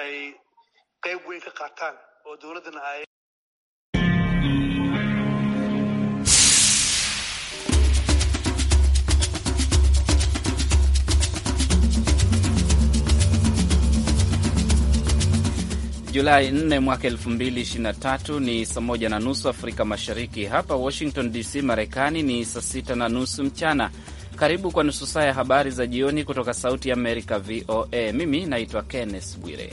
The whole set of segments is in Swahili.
ay qayb weyn ka qaataan oo dowladana ay Julai 4 mwaka 2023 ni saa moja na nusu Afrika Mashariki. Hapa Washington DC, Marekani ni saa sita na nusu mchana. Karibu kwa nusu saa ya habari za jioni kutoka Sauti ya Amerika, VOA. Mimi naitwa Kenneth Bwire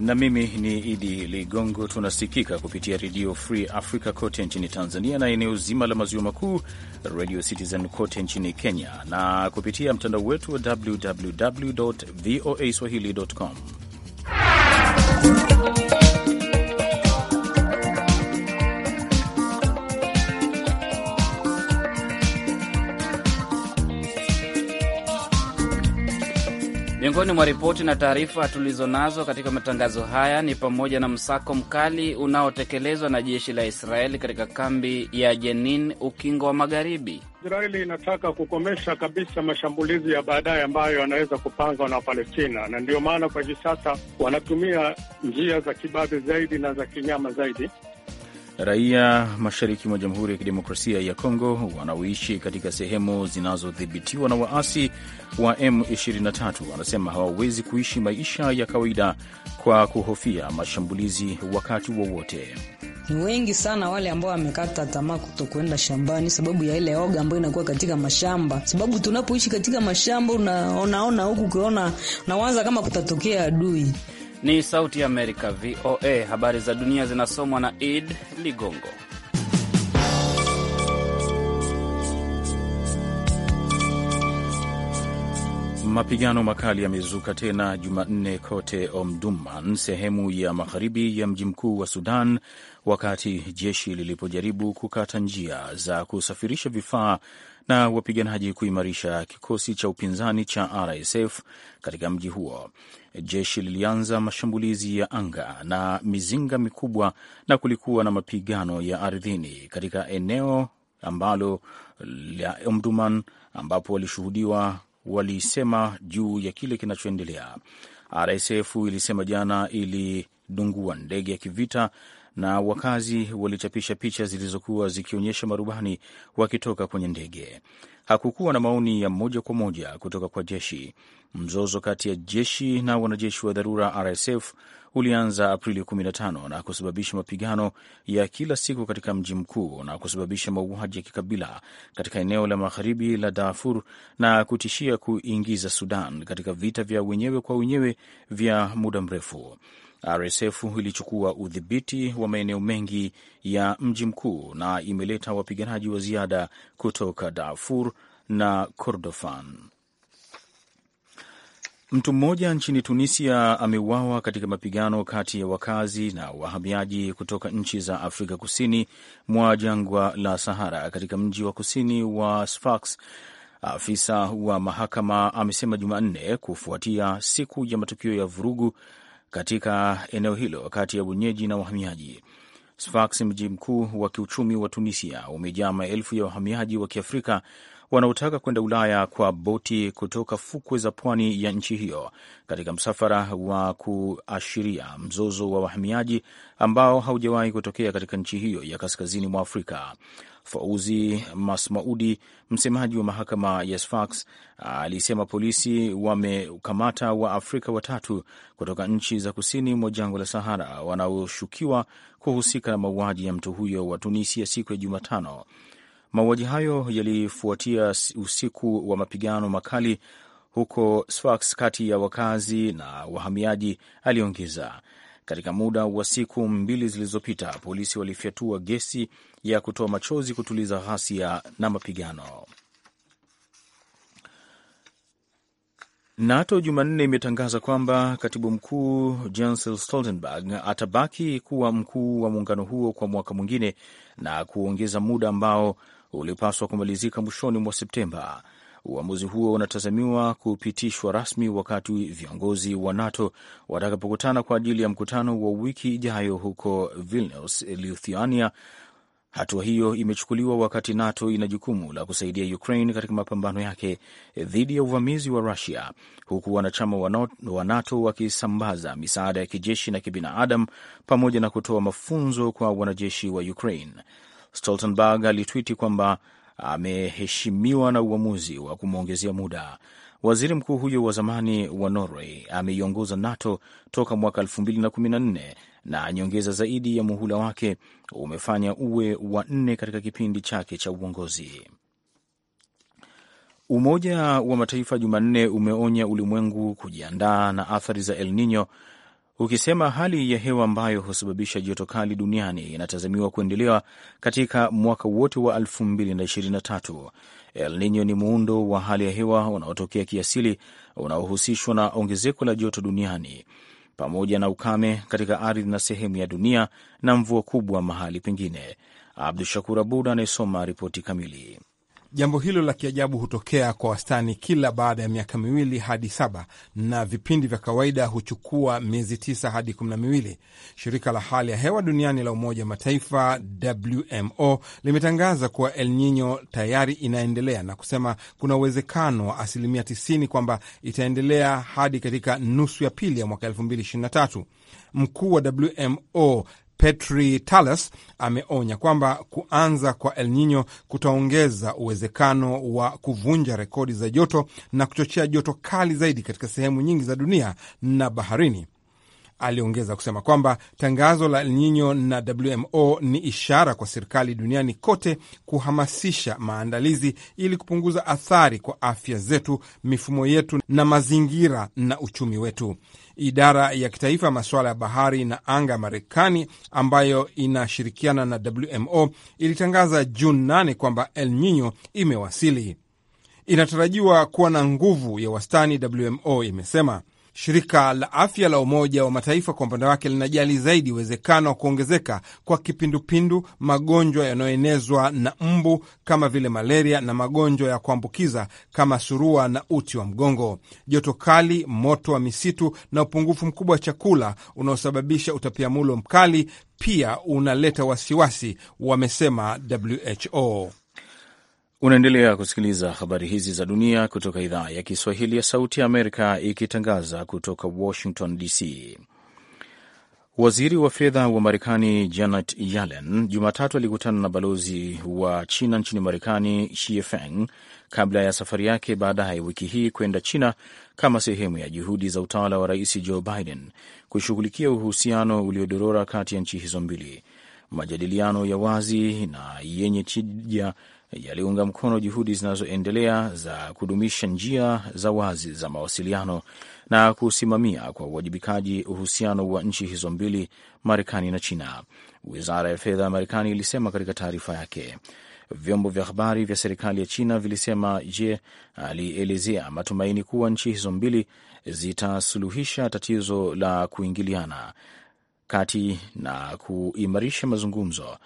na mimi ni Idi Ligongo. Tunasikika kupitia Redio Free Africa kote nchini Tanzania na eneo zima la maziwa makuu, Radio Citizen kote nchini Kenya, na kupitia mtandao wetu wa www voa swahili.com Miongoni mwa ripoti na taarifa tulizonazo katika matangazo haya ni pamoja na msako mkali unaotekelezwa na jeshi la Israeli katika kambi ya Jenin, ukingo wa Magharibi. Israeli inataka kukomesha kabisa mashambulizi ya baadaye ambayo yanaweza kupangwa na Wapalestina, na ndiyo maana kwa hivi sasa wanatumia njia za kibabe zaidi na za kinyama zaidi Raia mashariki mwa Jamhuri ya Kidemokrasia ya Kongo wanaoishi katika sehemu zinazodhibitiwa na waasi wa M23 wanasema hawawezi kuishi maisha ya kawaida kwa kuhofia mashambulizi wakati wowote wa ni wengi sana wale ambao wamekata tamaa kuto shambani, sababu ya ile oga ambayo inakuwa katika mashamba. Sababu tunapoishi katika mashamba, unaonaona huku ukiona, unawaza kama kutatokea adui. Ni Sauti ya Amerika, VOA. Habari za dunia zinasomwa na Id Ligongo. Mapigano makali yamezuka tena Jumanne kote Omdurman, sehemu ya magharibi ya mji mkuu wa Sudan, wakati jeshi lilipojaribu kukata njia za kusafirisha vifaa na wapiganaji kuimarisha kikosi cha upinzani cha RSF katika mji huo. Jeshi lilianza mashambulizi ya anga na mizinga mikubwa na kulikuwa na mapigano ya ardhini katika eneo ambalo la Omdurman ambapo walishuhudiwa walisema juu ya kile kinachoendelea. RSF ilisema jana ilidungua ndege ya kivita na wakazi walichapisha picha zilizokuwa zikionyesha marubani wakitoka kwenye ndege. Hakukuwa na maoni ya moja kwa moja kutoka kwa jeshi. Mzozo kati ya jeshi na wanajeshi wa dharura RSF ulianza Aprili 15 na kusababisha mapigano ya kila siku katika mji mkuu na kusababisha mauaji ya kikabila katika eneo la magharibi la Darfur na kutishia kuingiza Sudan katika vita vya wenyewe kwa wenyewe vya muda mrefu. RSF ilichukua udhibiti wa maeneo mengi ya mji mkuu na imeleta wapiganaji wa ziada kutoka Darfur na Kordofan. Mtu mmoja nchini Tunisia ameuawa katika mapigano kati ya wakazi na wahamiaji kutoka nchi za Afrika kusini mwa jangwa la Sahara katika mji wa kusini wa Sfax, afisa wa mahakama amesema Jumanne, kufuatia siku ya matukio ya vurugu katika eneo hilo kati ya wenyeji na wahamiaji. Sfax, mji mkuu wa kiuchumi wa Tunisia, umejaa maelfu ya wahamiaji wa Kiafrika wanaotaka kwenda Ulaya kwa boti kutoka fukwe za pwani ya nchi hiyo katika msafara wa kuashiria mzozo wa wahamiaji ambao haujawahi kutokea katika nchi hiyo ya kaskazini mwa Afrika. Fauzi Masmaudi, msemaji wa mahakama ya Sfax, alisema polisi wamekamata Waafrika watatu kutoka nchi za kusini mwa jangwa la Sahara wanaoshukiwa kuhusika na mauaji ya mtu huyo wa Tunisia siku ya Jumatano. Mauaji hayo yalifuatia usiku wa mapigano makali huko Sfax kati ya wakazi na wahamiaji, aliongeza. Katika muda wa siku mbili zilizopita polisi walifyatua gesi ya kutoa machozi kutuliza ghasia na mapigano. NATO Jumanne imetangaza kwamba katibu mkuu Jens Stoltenberg atabaki kuwa mkuu wa muungano huo kwa mwaka mwingine na kuongeza muda ambao ulipaswa kumalizika mwishoni mwa Septemba. Uamuzi huo unatazamiwa kupitishwa rasmi wakati viongozi wa NATO watakapokutana kwa ajili ya mkutano wa wiki ijayo huko Vilnius, Lithuania, Hatua hiyo imechukuliwa wakati NATO ina jukumu la kusaidia Ukraine katika mapambano yake dhidi ya uvamizi wa Rusia, huku wanachama wa NATO wakisambaza misaada ya kijeshi na kibinadamu pamoja na kutoa mafunzo kwa wanajeshi wa Ukraine. Stoltenberg alitwiti kwamba ameheshimiwa na uamuzi wa kumwongezea muda Waziri mkuu huyo wa zamani wa Norway ameiongoza NATO toka mwaka 2014 na nyongeza zaidi ya muhula wake umefanya uwe wa nne katika kipindi chake cha uongozi. Umoja wa Mataifa Jumanne umeonya ulimwengu kujiandaa na athari za El Nino ukisema hali ya hewa ambayo husababisha joto kali duniani inatazamiwa kuendelewa katika mwaka wote wa 2023. El Nino ni muundo wa hali ya hewa unaotokea kiasili unaohusishwa na ongezeko la joto duniani pamoja na ukame katika ardhi na sehemu ya dunia na mvua kubwa mahali pengine. Abdu Shakur Abud anayesoma ripoti kamili. Jambo hilo la kiajabu hutokea kwa wastani kila baada ya miaka miwili hadi saba na vipindi vya kawaida huchukua miezi tisa hadi kumi na miwili. Shirika la hali ya hewa duniani la Umoja wa Mataifa, WMO, limetangaza kuwa El Nino tayari inaendelea na kusema kuna uwezekano wa asilimia 90 kwamba itaendelea hadi katika nusu ya pili ya mwaka 2023. Mkuu wa WMO Petri Talas ameonya kwamba kuanza kwa El Nino kutaongeza uwezekano wa kuvunja rekodi za joto na kuchochea joto kali zaidi katika sehemu nyingi za dunia na baharini Aliongeza kusema kwamba tangazo la El Nino na WMO ni ishara kwa serikali duniani kote kuhamasisha maandalizi ili kupunguza athari kwa afya zetu, mifumo yetu na mazingira na uchumi wetu. Idara ya kitaifa ya masuala ya bahari na anga ya Marekani ambayo inashirikiana na WMO ilitangaza Juni 8 kwamba El Nino imewasili. Inatarajiwa kuwa na nguvu ya wastani, WMO imesema. Shirika la afya la Umoja wa Mataifa kwa upande wake linajali zaidi uwezekano wa kuongezeka kwa kipindupindu, magonjwa yanayoenezwa na mbu kama vile malaria na magonjwa ya kuambukiza kama surua na uti wa mgongo. Joto kali, moto wa misitu na upungufu mkubwa wa chakula unaosababisha utapiamulo mkali pia unaleta wasiwasi, wamesema WHO. Unaendelea kusikiliza habari hizi za dunia kutoka idhaa ya Kiswahili ya Sauti ya Amerika ikitangaza kutoka Washington DC. Waziri wa fedha wa Marekani Janet Yellen Jumatatu alikutana na balozi wa China nchini Marekani Shifeng kabla ya safari yake baadaye wiki hii kwenda China kama sehemu ya juhudi za utawala wa Rais Joe Biden kushughulikia uhusiano uliodorora kati ya nchi hizo mbili. Majadiliano ya wazi na yenye tija yaliunga mkono juhudi zinazoendelea za kudumisha njia za wazi za mawasiliano na kusimamia kwa uwajibikaji uhusiano wa nchi hizo mbili, Marekani na China. Wizara ya fedha ya Marekani ilisema katika taarifa yake. Vyombo vya habari vya serikali ya China vilisema Je alielezea matumaini kuwa nchi hizo mbili zitasuluhisha tatizo la kuingiliana kati na kuimarisha mazungumzo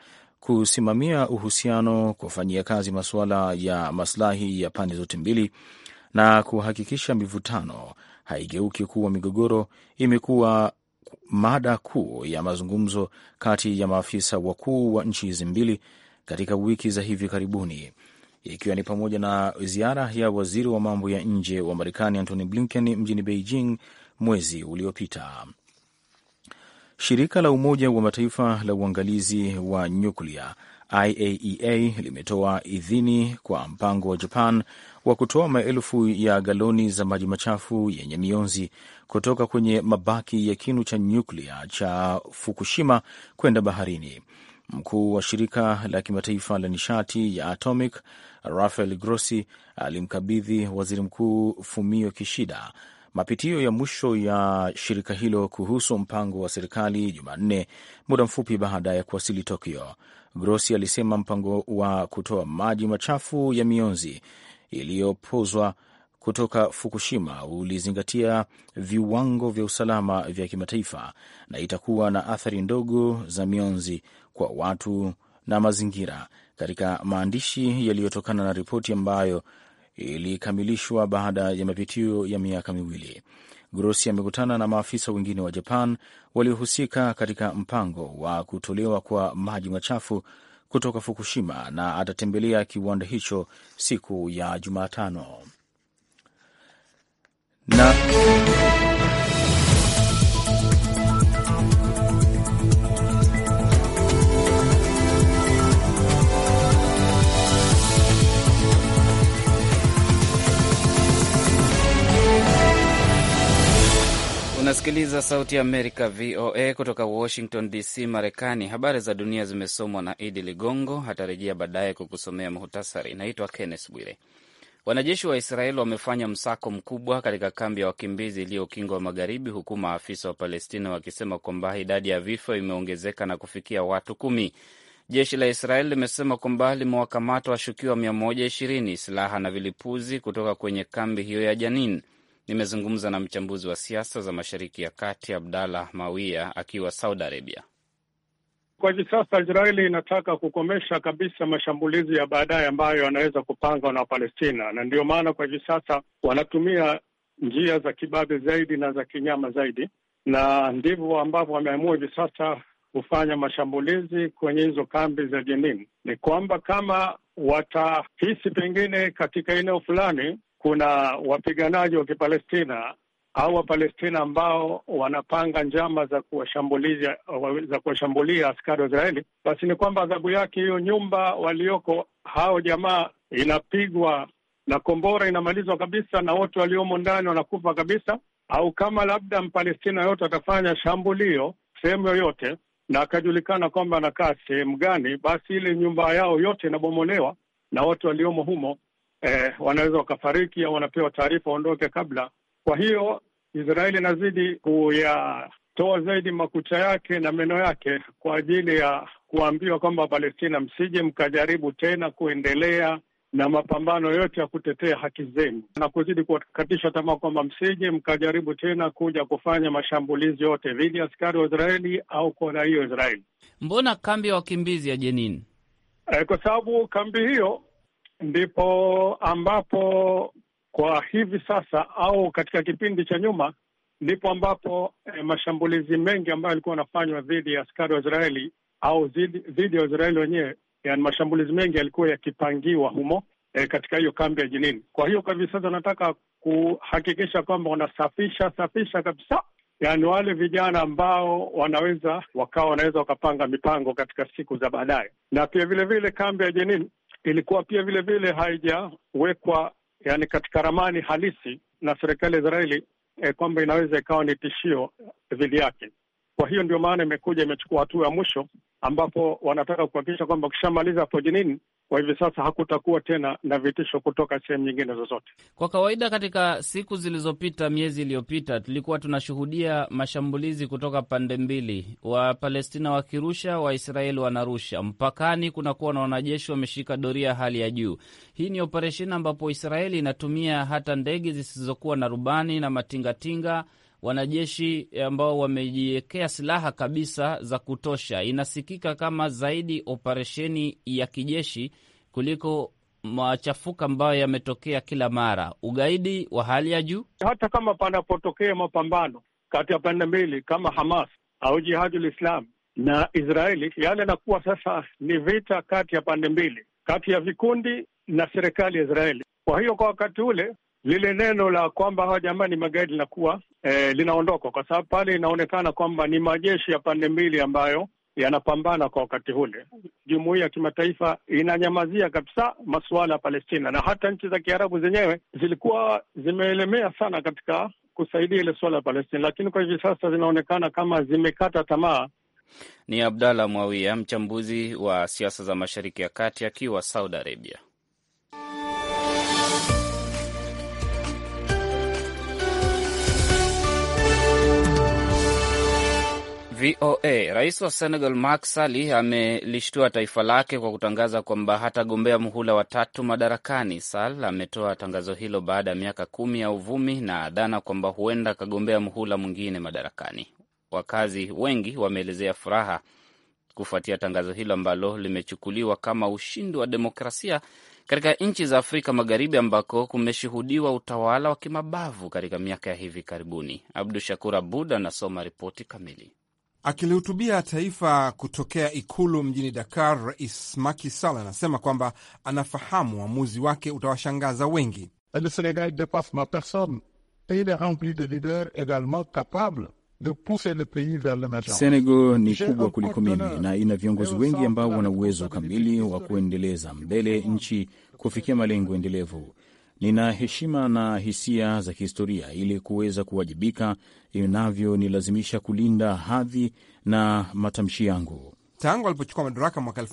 kusimamia uhusiano, kufanyia kazi masuala ya maslahi ya pande zote mbili na kuhakikisha mivutano haigeuki kuwa migogoro imekuwa mada kuu ya mazungumzo kati ya maafisa wakuu wa nchi hizi mbili katika wiki za hivi karibuni, ikiwa ni pamoja na ziara ya waziri wa mambo ya nje wa Marekani Antony Blinken mjini Beijing mwezi uliopita. Shirika la Umoja wa Mataifa la uangalizi wa nyuklia IAEA e limetoa idhini kwa mpango wa Japan wa kutoa maelfu ya galoni za maji machafu yenye mionzi kutoka kwenye mabaki ya kinu cha nyuklia cha Fukushima kwenda baharini. Mkuu wa shirika la kimataifa la nishati ya atomic Rafael Grossi alimkabidhi waziri mkuu Fumio Kishida Mapitio ya mwisho ya shirika hilo kuhusu mpango wa serikali Jumanne, muda mfupi baada ya kuwasili Tokyo. Grossi alisema mpango wa kutoa maji machafu ya mionzi iliyopozwa kutoka Fukushima ulizingatia viwango vya usalama vya kimataifa na itakuwa na athari ndogo za mionzi kwa watu na mazingira, katika maandishi yaliyotokana na ripoti ambayo ilikamilishwa baada ya mapitio ya miaka miwili. Grossi amekutana na maafisa wengine wa Japan waliohusika katika mpango wa kutolewa kwa maji machafu kutoka Fukushima na atatembelea kiwanda hicho siku ya Jumatano na Unasikiliza Sauti ya Amerika, VOA, kutoka Washington DC, Marekani. Habari za dunia zimesomwa na Idi Ligongo, atarejea baadaye kukusomea muhtasari. Inaitwa Kenneth Bwire. Wanajeshi wa Israeli wamefanya msako mkubwa katika kambi ya wakimbizi iliyo ukingo wa magharibi, huku maafisa wa Palestina wakisema kwamba idadi ya vifo imeongezeka na kufikia watu kumi. Jeshi la Israeli limesema kwamba limewakamata washukiwa 120 silaha na vilipuzi kutoka kwenye kambi hiyo ya Janin. Nimezungumza na mchambuzi wa siasa za Mashariki ya Kati abdalah Mawia akiwa Saudi Arabia. Kwa hivi sasa Israeli inataka kukomesha kabisa mashambulizi ya baadaye ambayo yanaweza kupangwa na Wapalestina, na ndio maana kwa hivi sasa wanatumia njia za kibabe zaidi na za kinyama zaidi, na ndivyo ambavyo wameamua hivi sasa kufanya mashambulizi kwenye hizo kambi za Jenin. Ni kwamba kama watahisi pengine katika eneo fulani kuna wapiganaji wa Kipalestina au Wapalestina ambao wanapanga njama za kuwashambulia za kuwashambulia askari wa Israeli, basi ni kwamba adhabu yake hiyo nyumba walioko hao jamaa inapigwa na kombora, inamalizwa kabisa, na wote waliomo ndani wanakufa kabisa. Au kama labda Mpalestina yoyote atafanya shambulio sehemu yoyote na akajulikana kwamba anakaa sehemu gani, basi ile nyumba yao yote inabomolewa na watu waliomo humo eh, wanaweza wakafariki au wanapewa taarifa waondoke kabla. Kwa hiyo Israeli inazidi kuyatoa zaidi makucha yake na meno yake kwa ajili ya kuambiwa kwamba Palestina, msije mkajaribu tena kuendelea na mapambano yote ya kutetea haki zenu na kuzidi kuwakatisha tamaa kwamba msije mkajaribu tena kuja kufanya mashambulizi yote dhidi ya askari wa Israeli au kwa raia wa Israeli. Mbona kambi ya wakimbizi ya Jenin? Eh, kwa sababu kambi hiyo ndipo ambapo kwa hivi sasa au katika kipindi cha nyuma ndipo ambapo e, mashambulizi mengi ambayo yalikuwa yanafanywa dhidi ya askari wa Israeli au dhidi ya Waisraeli wenyewe, yani mashambulizi mengi yalikuwa yakipangiwa humo e, katika hiyo kambi ya Jinini. Kwa hiyo kwa hivi sasa nataka kuhakikisha kwamba wanasafisha safisha kabisa, yani wale vijana ambao wanaweza wakawa wanaweza wakapanga mipango katika siku za baadaye, na pia vilevile kambi ya Jinini ilikuwa pia vile vile haijawekwa yani katika ramani halisi na serikali ya Israeli eh, kwamba inaweza ikawa ni tishio dhidi yake. Kwa hiyo ndio maana imekuja imechukua hatua ya mwisho ambapo wanataka kuhakikisha kwamba ukishamaliza fojinini kwa hivyo sasa hakutakuwa tena na vitisho kutoka sehemu nyingine zozote. Kwa kawaida, katika siku zilizopita, miezi iliyopita, tulikuwa tunashuhudia mashambulizi kutoka pande mbili, Wapalestina wakirusha, Waisraeli wanarusha. Mpakani kunakuwa na wanajeshi wameshika doria hali ya juu. Hii ni operesheni ambapo Israeli inatumia hata ndege zisizokuwa na rubani na matingatinga wanajeshi ambao wamejiwekea silaha kabisa za kutosha. Inasikika kama zaidi operesheni ya kijeshi kuliko machafuko ambayo yametokea kila mara, ugaidi wa hali ya juu. Hata kama panapotokea mapambano kati ya pande mbili kama Hamas au Jihadul Islam na Israeli, yale anakuwa sasa ni vita kati ya pande mbili, kati ya vikundi na serikali ya Israeli. Kwa hiyo kwa wakati ule lile neno la kwamba hawa jamaa ni magaidi linakuwa e, eh, linaondoka kwa sababu pale inaonekana kwamba ni majeshi ya pande mbili ambayo yanapambana kwa wakati ule. Jumuia ya kimataifa inanyamazia kabisa masuala ya Palestina, na hata nchi za Kiarabu zenyewe zilikuwa zimeelemea sana katika kusaidia ile suala la Palestina, lakini kwa hivi sasa zinaonekana kama zimekata tamaa. Ni Abdallah Mwawia, mchambuzi wa siasa za Mashariki ya Kati akiwa Saudi Arabia. VOA. Rais wa Senegal Macky Sall amelishtua taifa lake kwa kutangaza kwamba hatagombea muhula wa tatu madarakani. Sall ametoa tangazo hilo baada ya miaka kumi ya uvumi na dhana kwamba huenda akagombea muhula mwingine madarakani. Wakazi wengi wameelezea furaha kufuatia tangazo hilo ambalo limechukuliwa kama ushindi wa demokrasia katika nchi za Afrika Magharibi ambako kumeshuhudiwa utawala wa kimabavu katika miaka ya hivi karibuni. Abdu Shakur Abud anasoma ripoti kamili. Akilihutubia taifa kutokea ikulu mjini Dakar, Rais Macky Sall anasema kwamba anafahamu uamuzi wake utawashangaza wengi. Le Senegal depasse ma personne et il est rempli de leaders egalement capables Senegal ni kubwa kuliko mimi na ina viongozi wengi ambao wana uwezo kamili wa kuendeleza mbele nchi kufikia malengo endelevu. Nina heshima na hisia za kihistoria ili kuweza kuwajibika inavyonilazimisha kulinda hadhi na matamshi yangu. Tangu alipochukua madaraka mwaka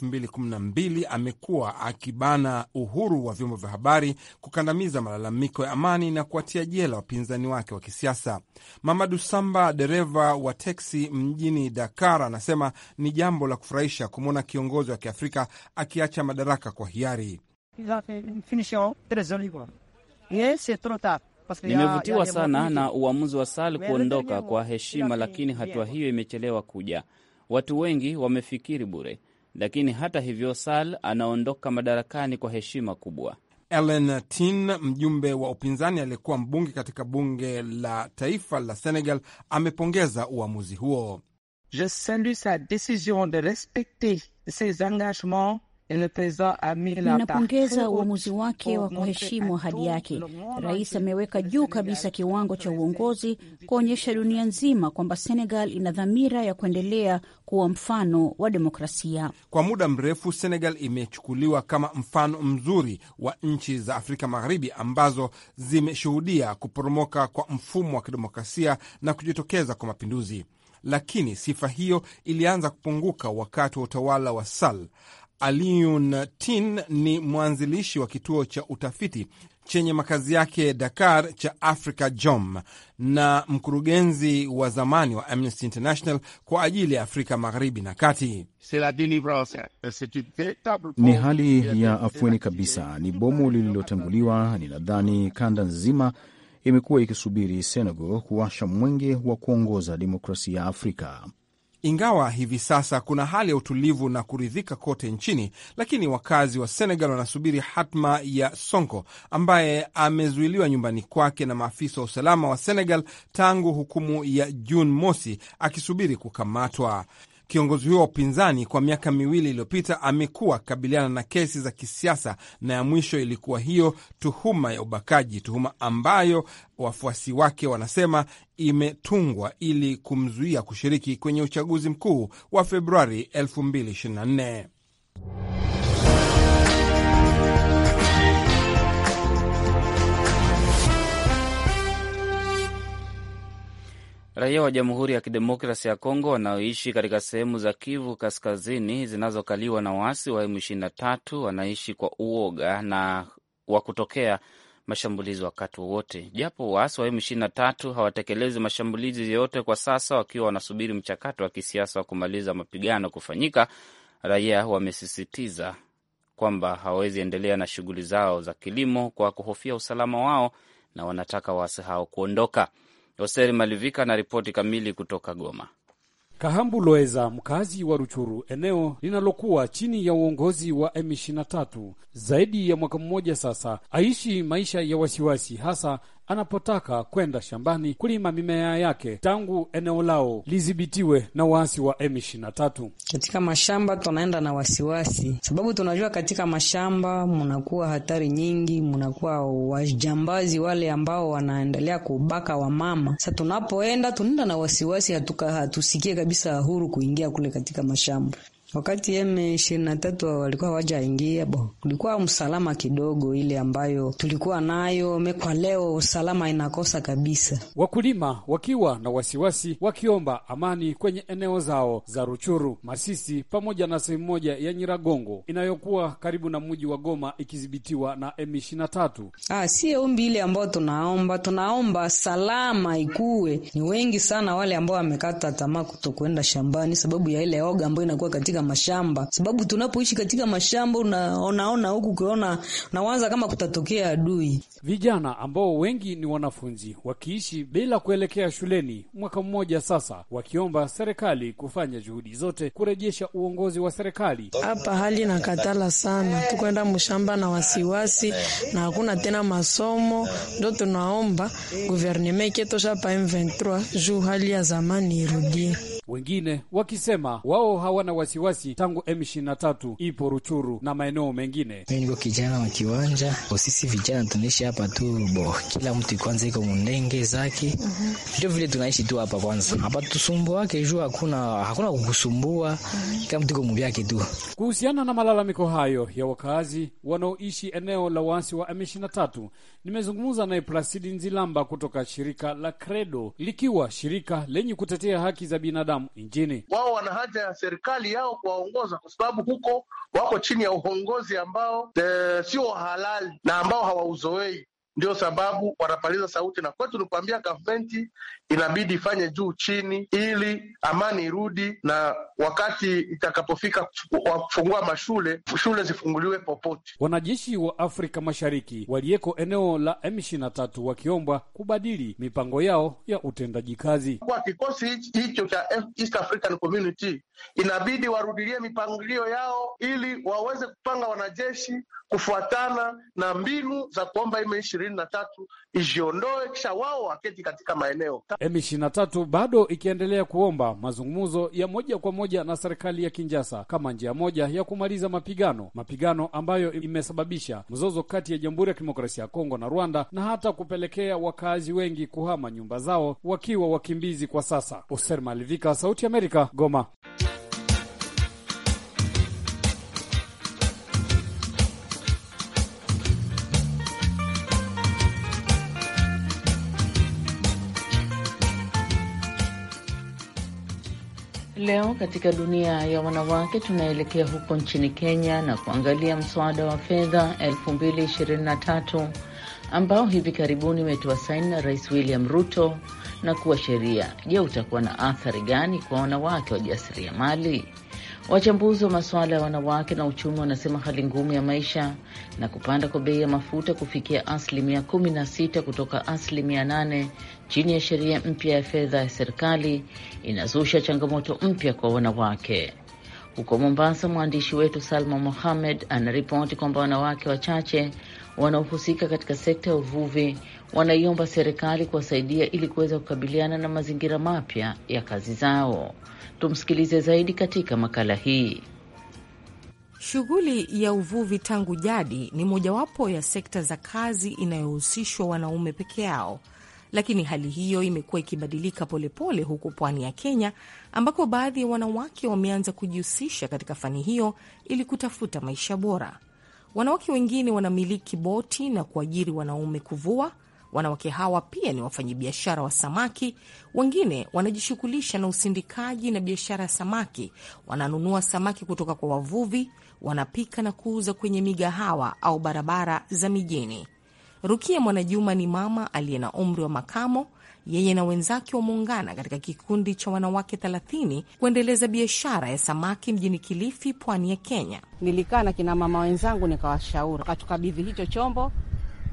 mbili amekuwa akibana uhuru wa vyombo vya habari, kukandamiza malalamiko ya amani na kuwatia jela wapinzani wake wa kisiasa. Mamadu Samba, dereva wa teksi mjini Dakar, anasema ni jambo la kufurahisha kumwona kiongozi wa Kiafrika akiacha madaraka kwa hiari. Nimevutiwa sana na uamuzi wa Sal kuondoka kwa heshima, lakini hatua hiyo imechelewa kuja. Watu wengi wamefikiri bure, lakini hata hivyo, Sal anaondoka madarakani kwa heshima kubwa. Ellen Tin, mjumbe wa upinzani aliyekuwa mbunge katika bunge la taifa la Senegal, amepongeza uamuzi huo. Je salue sa decision de respecter ses engagements Ninapongeza uamuzi wake wa kuheshimu ahadi yake. Rais ameweka juu kabisa kiwango cha uongozi kuonyesha dunia nzima kwamba Senegal ina dhamira ya kuendelea kuwa mfano wa demokrasia. Kwa muda mrefu, Senegal imechukuliwa kama mfano mzuri wa nchi za Afrika Magharibi ambazo zimeshuhudia kuporomoka kwa mfumo wa kidemokrasia na kujitokeza kwa mapinduzi, lakini sifa hiyo ilianza kupunguka wakati wa utawala wa Sall aliun tin ni mwanzilishi wa kituo cha utafiti chenye makazi yake Dakar cha Africa Jom na mkurugenzi wa zamani wa Amnesty International kwa ajili ya Afrika Magharibi na Kati. Ni hali ya afueni kabisa, ni bomu lililotanguliwa. Ninadhani kanda nzima imekuwa ikisubiri Senegal kuwasha mwenge wa kuongoza demokrasia ya Afrika. Ingawa hivi sasa kuna hali ya utulivu na kuridhika kote nchini, lakini wakazi wa Senegal wanasubiri hatma ya Sonko ambaye amezuiliwa nyumbani kwake na maafisa wa usalama wa Senegal tangu hukumu ya Juni mosi akisubiri kukamatwa. Kiongozi huyo wa upinzani kwa miaka miwili iliyopita amekuwa akikabiliana na kesi za kisiasa, na ya mwisho ilikuwa hiyo tuhuma ya ubakaji, tuhuma ambayo wafuasi wake wanasema imetungwa ili kumzuia kushiriki kwenye uchaguzi mkuu wa Februari 2024. Raia wa Jamhuri ya Kidemokrasi ya Kongo wanaoishi katika sehemu za Kivu Kaskazini zinazokaliwa na waasi wa M23 wanaishi kwa uoga na wa kutokea mashambulizi wakati wowote, japo waasi wa M23 hawatekelezi mashambulizi yoyote kwa sasa, wakiwa wanasubiri mchakato wa kisiasa wa kumaliza mapigano kufanyika. Raia wamesisitiza kwamba hawawezi endelea na shughuli zao za kilimo kwa kuhofia usalama wao, na wanataka waasi hao kuondoka hoseri Malivika na ripoti kamili kutoka Goma. Kahambu Loeza, mkazi wa Ruchuru, eneo linalokuwa chini ya uongozi wa M23 zaidi ya mwaka mmoja sasa, aishi maisha ya wasiwasi, hasa anapotaka kwenda shambani kulima mimea yake tangu eneo lao lidhibitiwe na waasi wa M23. Katika mashamba tunaenda na wasiwasi, sababu tunajua katika mashamba munakuwa hatari nyingi, munakuwa wajambazi wale ambao wanaendelea kubaka wamama. Sa tunapoenda tunaenda na wasiwasi, hatuka hatusikie kabisa huru kuingia kule katika mashamba. Wakati M23 walikuwa wajaingia bo, kulikuwa msalama kidogo, ile ambayo tulikuwa nayo mekwa. Leo usalama inakosa kabisa, wakulima wakiwa na wasiwasi, wakiomba amani kwenye eneo zao za Ruchuru, Masisi pamoja na sehemu moja ya Nyiragongo inayokuwa karibu na mji wa Goma ikidhibitiwa na M23. Ah, si ombi ile ambayo tunaomba, tunaomba salama ikuwe. Ni wengi sana wale ambao wamekata tamaa kutokwenda shambani sababu ya ile oga ambayo inakuwa katika katika mashamba, sababu tunapoishi katika mashamba unaonaona huku ukiona nawaza kama kutatokea adui. Vijana ambao wengi ni wanafunzi wakiishi bila kuelekea shuleni mwaka mmoja sasa, wakiomba serikali kufanya juhudi zote kurejesha uongozi wa serikali hapa. Hali nakatala sana, tukwenda mshamba na wasiwasi na hakuna tena masomo, ndo tunaomba guverneme iketosha pa M23 juu hali ya zamani irudie wengine wakisema wao hawana wasiwasi tangu M23 ipo Ruchuru na maeneo mengine. Mimi niko kijana wa kiwanja, sisi vijana tunaishi hapa tu bo, kila mtu kwanza iko mundenge zake mhm. ndio. mm -hmm. Vile tunaishi tu hapa kwanza, hapa tusumbu wake jua hakuna hakuna kukusumbua. mm -hmm. Kila mtu iko mvyake tu. Kuhusiana na malalamiko hayo ya wakazi wanaoishi eneo la waasi wa M23, nimezungumza naye Plasidi Nzilamba kutoka shirika la Credo, likiwa shirika lenye kutetea haki za binadamu Kiislamu nchini. Wao wana haja ya serikali yao kuwaongoza, kwa sababu huko wako chini ya uongozi ambao eh, sio halali na ambao hawauzoei. Ndio sababu wanapaliza sauti, na kwetu ni kuambia gavmenti inabidi ifanye juu chini, ili amani irudi, na wakati itakapofika wa kufungua mashule, shule zifunguliwe popote. Wanajeshi wa Afrika Mashariki waliyeko eneo la M23 wakiombwa kubadili mipango yao ya utendaji kazi. Kwa kikosi hicho cha East African Community, inabidi warudilie mipangilio yao, ili waweze kupanga wanajeshi kufuatana na mbinu za kuomba M23 ishirini na tatu ijiondoe, kisha wao waketi katika maeneo. M ishirini na tatu bado ikiendelea kuomba mazungumzo ya moja kwa moja na serikali ya Kinjasa kama njia moja ya kumaliza mapigano, mapigano ambayo imesababisha mzozo kati ya Jamhuri ya Kidemokrasia ya Kongo na Rwanda na hata kupelekea wakazi wengi kuhama nyumba zao wakiwa wakimbizi kwa sasa. Oser Malivika, Sauti Amerika, Goma. Leo katika dunia ya wanawake tunaelekea huko nchini Kenya na kuangalia mswada wa fedha 2023 ambao hivi karibuni umetiwa saini na Rais William Ruto na kuwa sheria. Je, utakuwa na athari gani kwa wanawake wajasiriamali? Wachambuzi wa masuala ya wanawake na uchumi wanasema hali ngumu ya maisha na kupanda kwa bei ya mafuta kufikia asilimia 16 kutoka asilimia 8 chini ya sheria mpya ya fedha ya serikali inazusha changamoto mpya kwa wanawake. Huko Mombasa, mwandishi wetu Salma Mohamed anaripoti kwamba wanawake wachache wanaohusika katika sekta ya uvuvi wanaiomba serikali kuwasaidia ili kuweza kukabiliana na mazingira mapya ya kazi zao. Tumsikilize zaidi katika makala hii. Shughuli ya uvuvi tangu jadi ni mojawapo ya sekta za kazi inayohusishwa wanaume peke yao lakini hali hiyo imekuwa ikibadilika polepole huku pwani ya Kenya ambako baadhi ya wanawake wameanza kujihusisha katika fani hiyo ili kutafuta maisha bora. Wanawake wengine wanamiliki boti na kuajiri wanaume kuvua. Wanawake hawa pia ni wafanyabiashara wa samaki. Wengine wanajishughulisha na usindikaji na biashara ya samaki, wananunua samaki kutoka kwa wavuvi, wanapika na kuuza kwenye migahawa au barabara za mijini. Rukia Mwanajuma ni mama aliye na umri wa makamo. Yeye na wenzake wameungana katika kikundi cha wanawake 30 kuendeleza biashara ya samaki mjini Kilifi, pwani ya Kenya. Nilikaa na kina mama wenzangu nikawashauri, katukabidhi hicho chombo.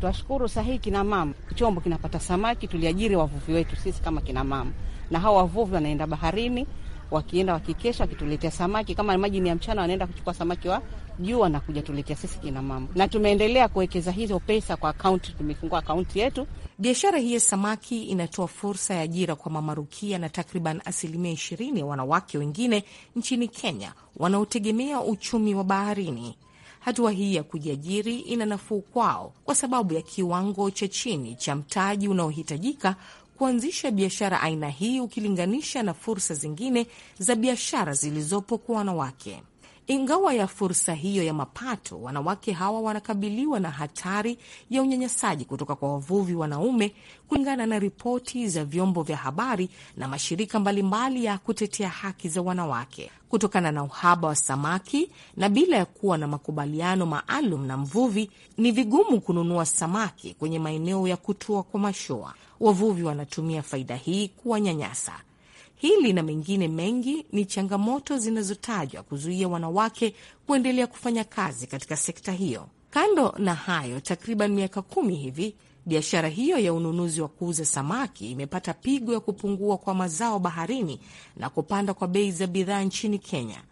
Twashukuru sahihi kina mama, chombo kinapata samaki. Tuliajiri wavuvi wetu sisi kama kina mama, na hao wavuvi wanaenda baharini wakienda wakikesha, wakituletea samaki. Kama maji ni ya mchana, wanaenda kuchukua samaki wa juu wanakuja tuletea sisi kina mama, na tumeendelea kuwekeza hizo pesa kwa akaunti, tumefungua akaunti yetu. Biashara hii ya samaki inatoa fursa ya ajira kwa mamarukia na takriban asilimia ishirini ya wanawake wengine nchini Kenya wanaotegemea uchumi wa baharini. Hatua hii ya kujiajiri ina nafuu kwao kwa sababu ya kiwango cha chini cha mtaji unaohitajika kuanzisha biashara aina hii ukilinganisha na fursa zingine za biashara zilizopo kwa wanawake. Ingawa ya fursa hiyo ya mapato, wanawake hawa wanakabiliwa na hatari ya unyanyasaji kutoka kwa wavuvi wanaume, kulingana na ripoti za vyombo vya habari na mashirika mbalimbali ya kutetea haki za wanawake. Kutokana na uhaba wa samaki na bila ya kuwa na makubaliano maalum na mvuvi, ni vigumu kununua samaki kwenye maeneo ya kutua kwa mashua. Wavuvi wanatumia faida hii kuwanyanyasa. Hili na mengine mengi ni changamoto zinazotajwa kuzuia wanawake kuendelea kufanya kazi katika sekta hiyo. Kando na hayo, takriban miaka kumi hivi biashara hiyo ya ununuzi wa kuuza samaki imepata pigo ya kupungua kwa mazao baharini na kupanda kwa bei za bidhaa nchini Kenya.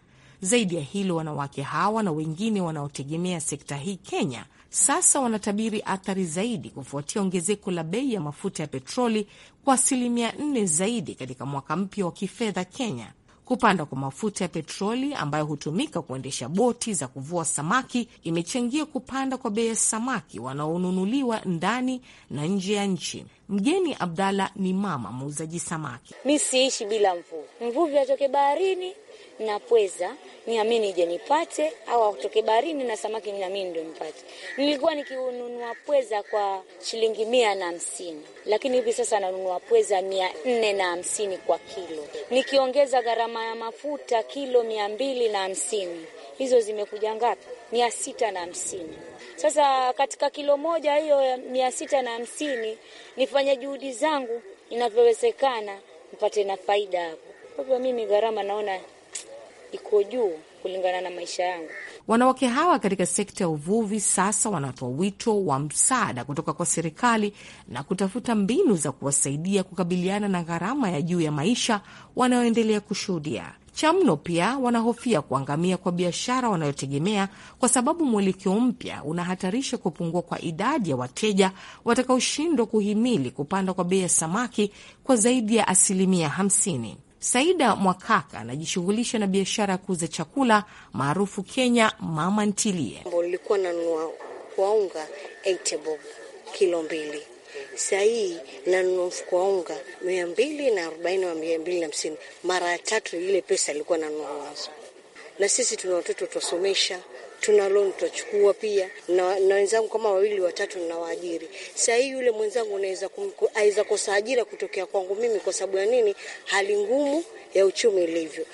Zaidi ya hilo, wanawake hawa na wengine wanaotegemea sekta hii Kenya sasa wanatabiri athari zaidi kufuatia ongezeko la bei ya mafuta ya petroli kwa asilimia nne zaidi katika mwaka mpya wa kifedha Kenya. Kupanda kwa mafuta ya petroli ambayo hutumika kuendesha boti za kuvua samaki imechangia kupanda kwa bei ya samaki wanaonunuliwa ndani na nje ya nchi. Mgeni Abdalla ni mama muuzaji samaki. Mi siishi bila mvuvi, mvuvi atoke baharini na pweza niamini nije nipate, au atoke baharini na samaki niamini ndio nipate. Nilikuwa nikinunua pweza kwa shilingi mia na hamsini, lakini hivi sasa nanunua pweza mia nne na hamsini kwa kilo, nikiongeza gharama ya mafuta kilo mia mbili na hamsini. Hizo zimekuja ngapi? mia sita na hamsini. Sasa katika kilo moja hiyo mia sita na hamsini, nifanye juhudi zangu inavyowezekana, nipate na faida hapo. Kwa hivyo mimi gharama naona iko juu kulingana na maisha yangu. Wanawake hawa katika sekta ya uvuvi sasa wanatoa wito wa msaada kutoka kwa serikali na kutafuta mbinu za kuwasaidia kukabiliana na gharama ya juu ya maisha wanayoendelea kushuhudia. Cha mno pia wanahofia kuangamia kwa biashara wanayotegemea kwa sababu mwelekeo mpya unahatarisha kupungua kwa idadi ya wateja watakaoshindwa kuhimili kupanda kwa bei ya samaki kwa zaidi ya asilimia hamsini. Saida Mwakaka anajishughulisha na biashara ya kuuza chakula maarufu Kenya, mama ntilie. Nilikuwa nanunua kwa unga 80 bob kilo mbili, sahii nanunua mfuko wa unga mia mbili na arobaini wa mia mbili na hamsini mara ya tatu ile pesa ilikuwa nanunua wazo, Na sisi tuna watoto tuwasomesha tuna loan tutachukua pia na, na wenzangu kama wawili watatu waajiri. Sasa hii yule mwenzangu aweza kosa ajira kutokea kwangu mimi kwa sababu ya nini? Hali ngumu ya uchumi ilivyo.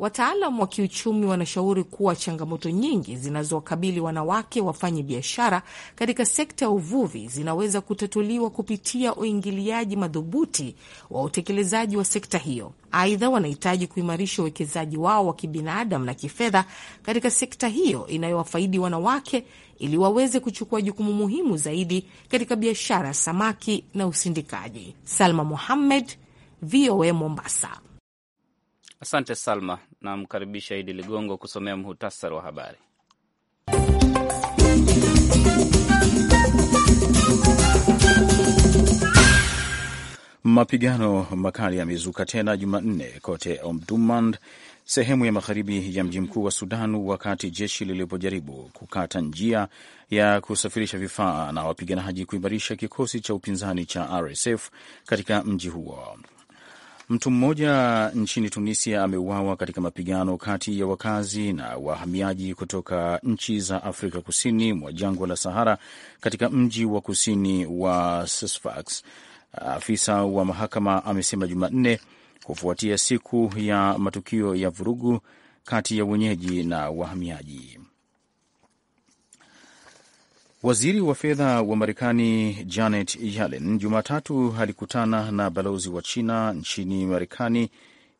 Wataalam wa kiuchumi wanashauri kuwa changamoto nyingi zinazowakabili wanawake wafanye biashara katika sekta ya uvuvi zinaweza kutatuliwa kupitia uingiliaji madhubuti wa utekelezaji wa sekta hiyo. Aidha, wanahitaji kuimarisha uwekezaji wao wa kibinadamu na kifedha katika sekta hiyo inayowafaidi wanawake ili waweze kuchukua jukumu muhimu zaidi katika biashara ya samaki na usindikaji. Salma Mohammed, VOA Mombasa. Asante Salma. Namkaribisha Idi Ligongo kusomea muhutasari wa habari. Mapigano makali yamezuka tena Jumanne kote Omdurman, sehemu ya magharibi ya mji mkuu wa Sudan, wakati jeshi lilipojaribu kukata njia ya kusafirisha vifaa na wapiganaji kuimarisha kikosi cha upinzani cha RSF katika mji huo. Mtu mmoja nchini Tunisia ameuawa katika mapigano kati ya wakazi na wahamiaji kutoka nchi za Afrika kusini mwa jangwa la Sahara katika mji wa kusini wa Sfax, afisa wa mahakama amesema Jumanne, kufuatia siku ya matukio ya vurugu kati ya wenyeji na wahamiaji. Waziri wa fedha wa Marekani Janet Yellen Jumatatu alikutana na balozi wa China nchini Marekani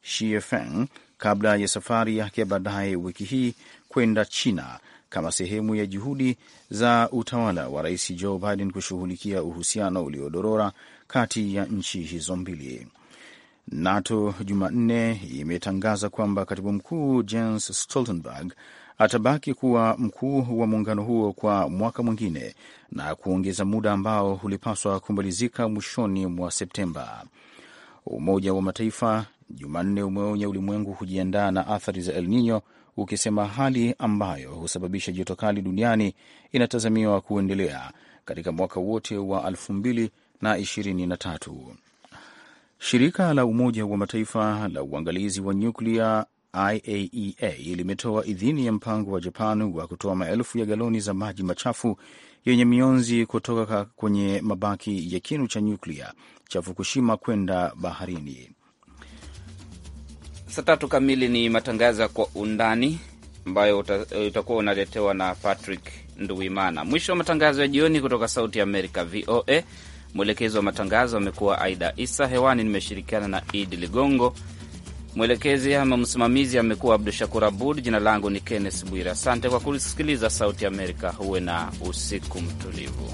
Xie Feng kabla ya safari yake baadaye wiki hii kwenda China kama sehemu ya juhudi za utawala wa Rais Joe Biden kushughulikia uhusiano uliodorora kati ya nchi hizo mbili. NATO Jumanne imetangaza kwamba katibu mkuu Jens Stoltenberg atabaki kuwa mkuu wa muungano huo kwa mwaka mwingine na kuongeza muda ambao ulipaswa kumalizika mwishoni mwa Septemba. Umoja wa Mataifa Jumanne umeonya ulimwengu kujiandaa na athari za El Nino ukisema hali ambayo husababisha joto kali duniani inatazamiwa kuendelea katika mwaka wote wa 2023. Shirika la Umoja wa Mataifa la uangalizi wa nyuklia IAEA e limetoa idhini ya mpango wa Japan wa kutoa maelfu ya galoni za maji machafu yenye mionzi kutoka kwenye mabaki ya kinu cha nyuklia cha Fukushima kwenda baharini. Saa tatu kamili ni matangazo ya Kwa Undani ambayo utakuwa unaletewa na Patrick Nduwimana. Mwisho wa matangazo ya jioni kutoka Sauti ya Amerika, VOA. Mwelekezi wa matangazo amekuwa Aida Isa. Hewani nimeshirikiana na Idi Ligongo. Mwelekezi ama msimamizi amekuwa Abdu Shakur Abud. Jina langu ni Kenneth Bwira. Asante kwa kusikiliza Sauti Amerika. Huwe na usiku mtulivu.